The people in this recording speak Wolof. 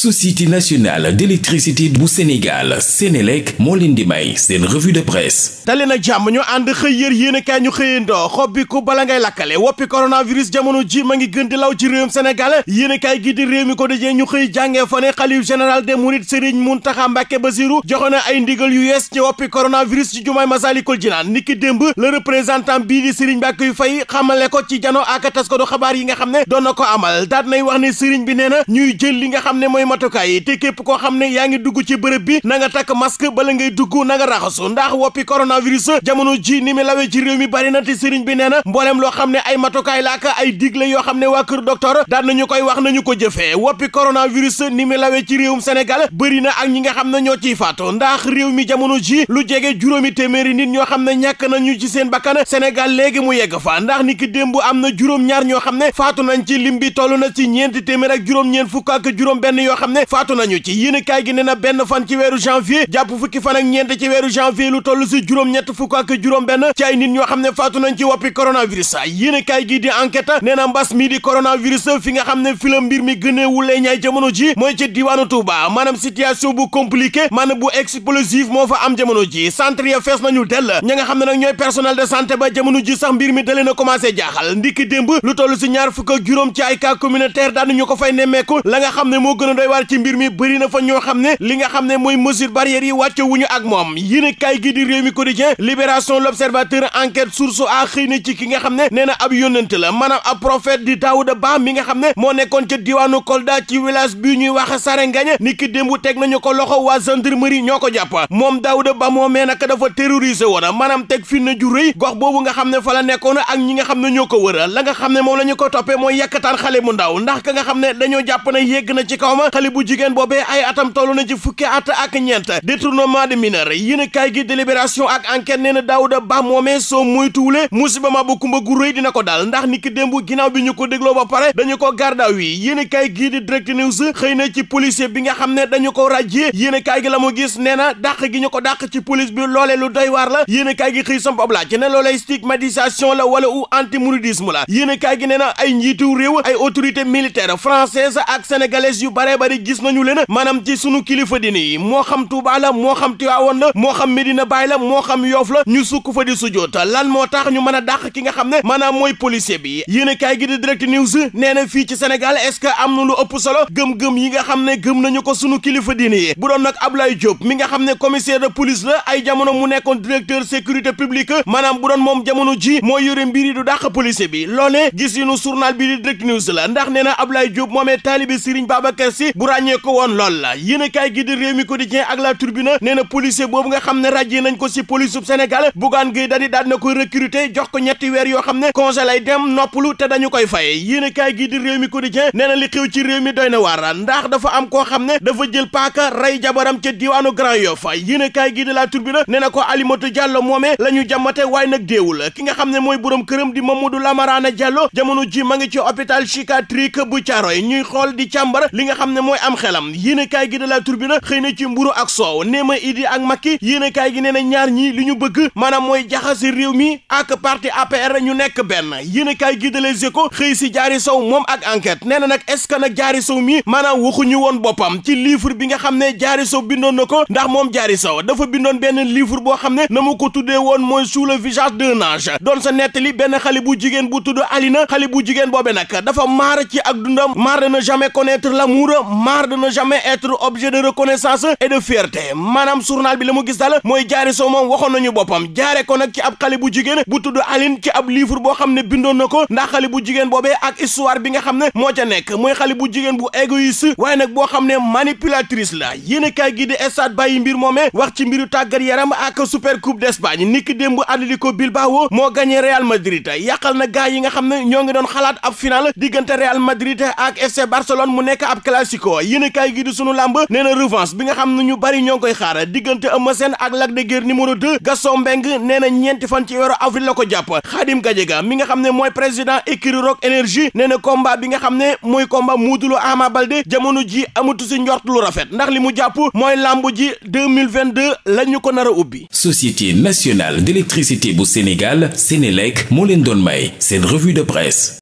société nationale d'électricité bu Sénégal Sénélec moo leen di may seen revue de presse tali na jàmm ñu ànd xëy yër yéenekaay ñu xëyandoo xob bi ku bala ngay lakkale woppi coronavirus jamono ji ma ngi gën di law ci réewum Sénégal yéenekaay gi di réew mi ko dajee ñu xëy jàngee fa ne xalif général des mourides Serigne Mountakha Mbacké Bassirou joxe na ay ndigal yu yees ci woppi coronavirus ci jumaay Masalikul Jinaan niki démb le représentant bii di Serigne Mbacké yu fay xamale ko matukaay yi te képp koo xam ne yaa ngi dugg ci bërëb bi na nga takk masque bala ngay dugg na nga raxasu ndax woppi coronavirus jamono ji ni mi lawee ci réew mi bari na te sëriñ bi nee na mbooleem loo xam ne ay matukaay la ak ay digle yoo xam ne waa kër docteur daan nañu koy wax nañu ko jëfee woppi coronavirus ni mi lawee ci réewum Sénégal bëri na ak ñi nga xam ne ñoo ciy faatu ndax réew mi jamono ji lu jege juróomi téeméeri nit ñoo xam ne ñàkk nañu ci seen bakkan Sénégal léegi mu yegg fa ndax ni ki démb am na juróom-ñaar ñoo xam ne faatu nañ ci lim bi toll na ci ñeenti téeméer ak juróom fukk ak juróom benn yoo xam ne faatu nañu ci yéenekaay gi nee na benn fan ci weeru janvier jàpp fukki fan ak ñeent ci weeru janvier lu toll si juróom-ñett fukk ak juróom benn ci ay nit ñoo xam ne faatu nañ ci woppi coronavirus yéenekaay gi di enquête nee na mbas mi di coronavirus fi nga xam ne fi la mbir mi gën a ñaay jamono ji mooy ci diwaanu Touba maanaam situation bu compliqué maanaam bu explosive moo fa am jamono ji centre ya fees nañu dell ña nga xam ne na ñooy personnel de santé ba ji sax mbir mi dalee na commencé jaaxal ndiki démb lu toll si ñaar fukk ak juróom ci ay cas communautaire daanu ñu ko fay la nga xam ne moo gën waar ci mbir mi bëri na fa ñoo xam ne li nga xam ne mooy mesure barrières yi wàcce wuñu ak moom yéen kaay gi di réew mi quotidien libération l'observateur enquête source a xëy na ci ki nga xam ne nee na ab yónnante la maanaam ab prophète di Daouda Ba mi nga xam ne moo nekkoon ca diwaanu Kolda ci village bii ñuy wax Sarengagne ni ki démb teg nañu ko loxo waa gendarmerie ñoo ko jàpp moom Daouda Ba moomee naka dafa terrorisé woon maanaam teg fi na ju boobu nga xam ne fa la nekkoon ak ñi nga xam ne ñoo ko wër la nga xam ne la ñu ko toppee mooy yàkkataan mu ndaw ndax ka nga xam ne dañoo jàpp ne na ci kaw ma xale bu jigéen boobee ay atam toll na ci fukki at ak ñeent détournement de mineur yéen a kaay gi délibération ak enquête nee na Daouda Ba moomee soo moytuwule musiba ma bu kumba gu dina ko daal ndax ni ki démb ginnaaw bi ñu ko dégloo ba pare dañu ko gardaaw yi yéen a kaay gii di direct xëy na ci policier bi nga xam ne dañu ko ràjjee yéen a kaay gi la mu gis nee na dàq gi ñu ko dàq ci police bi loolee lu doy waar la yéen a kaay gi xëy samp ab laaj ne loolee stigmatisation la wala u antimouridisme la yéen a kaay gi nee na ay njiitu réew ay autorité militaire française ak sénégalaise yu bare bari gis nañu leen maanaam ci sunu kilifa dine yi moo xam tubaala moo xam Tiwaawoon la moo xam Medina Baay la moo xam Yoof la ñu sukk fa di sujjoot lan moo tax ñu mën a dàq ki nga xam ne maanaam mooy policier bi yéenekaay gi di Direct News nee na fii ci Sénégal est-ce que am na lu ëpp solo gëm-gëm yi nga xam ne gëm nañu ko sunu kilifa diine yi bu doon ab Ablaye Diop mi nga xam ne commissaire de police la ay jamono mu nekkoon directeur sécurité publique maanaam bu doon moom jamono ji moo yore mbir yi du dàq bi loolee gis yi nu bi di la ndax nee na Ablaye Diop moomee taalibe Serigne Babacar Sy bu ràññee ko woon lool la yéen a gi di réew mi quotidien ak la turbine nee na policier boobu nga xam ne ràjjee nañ ko si police sub Sénégal Bougane Gueye Dany daal na koy recruter jox ko ñetti weer yoo xam ne congé lay dem noppalu te dañu koy fay yéen a gi di réew mi quotidien nee na li xew ci réew mi doy na waar ndax dafa am koo xam ne dafa jël paaka rey jabaram ca diwaanu Grand Yoff yéen a kaay gi di la turbine nee na ko Alimatu Diallo moomee la ñu jàmmate waaye nag déewul ki nga xam ne mooy borom këram di Mamadou Lamarana Diallo jamono ji ma ngi ci hôpital psychiatrique bu Thiaroye ñuy xool di càmbar li nga xam ne mooy am xelam yéenekaay gi de la Tribune xëy na ci mburu ak soow nee ma Idi ak Macky yéenekaay gi nee na ñaar ñi li ñu bëgg maanaam mooy jaxase réew mi ak parti APR ñu nekk benn yéenekaay gi de Les ko xëy si jaari Sow moom ak enquête nee na nag est-ce que nag jaari Sow mi maanaam waxuñu woon boppam ci livre bi nga xam ne jaari Sow bindoon na ko ndax moom jaari Sow dafa bindoon benn livre boo xam ne na mu ko tuddee woon mooy sous le visage d'un ange doon sa benn xale bu jigéen bu tudd Alina xale bu jigéen boobe nag dafa maar ci ak dundam maar na jamais connaître l'amour marre de ne jamais être objet de reconnaissance et de fierté maanaam journal bi la mu gis daal mooy jaari soo moom waxoon nañu boppam jaare ko nag ci ab xale bu jigéen bu tudd Aline ci ab livre boo xam ne bindoon na ko ndax xale bu jigéen boobee ak histoire bi nga xam ne moo ca nekk mooy xale bu jigéen bu égoïste waaye nag boo xam ne manipulatrice la yéen kaay gi di stade bàyyi mbir moomee wax ci mbiru tàggat yaram ak super coupe d'Espagne niki démb Atlético Bilbao moo gagné Real Madrid yàqal na gaay yi nga xam ne ñoo ngi doon xalaat ab final diggante Real Madrid ak FC mu nekk ab classique ko yéenekaay gi di sunu làmb nee na revanche bi nga xam ne ñu bari ñoo ngi koy xaar diggante Eumeu Sène ak Lac de Guiers numéro 2 Gaston Mbengue nee na ñeenti fan ci weeru avril la ko jàpp Khadim Gadiaga mi nga xam ne mooy président écurie Rock Énergie nee na combat bi nga xam ne mooy combat Modou Lô Ama Baldé jamono ji amatu si njort lu rafet ndax li mu jàpp mooy làmb ji 2022 la ñu ko nar a ubbi. Société nationale d'électricité bu Sénégal Sénélec moo leen doon may seen revue de presse.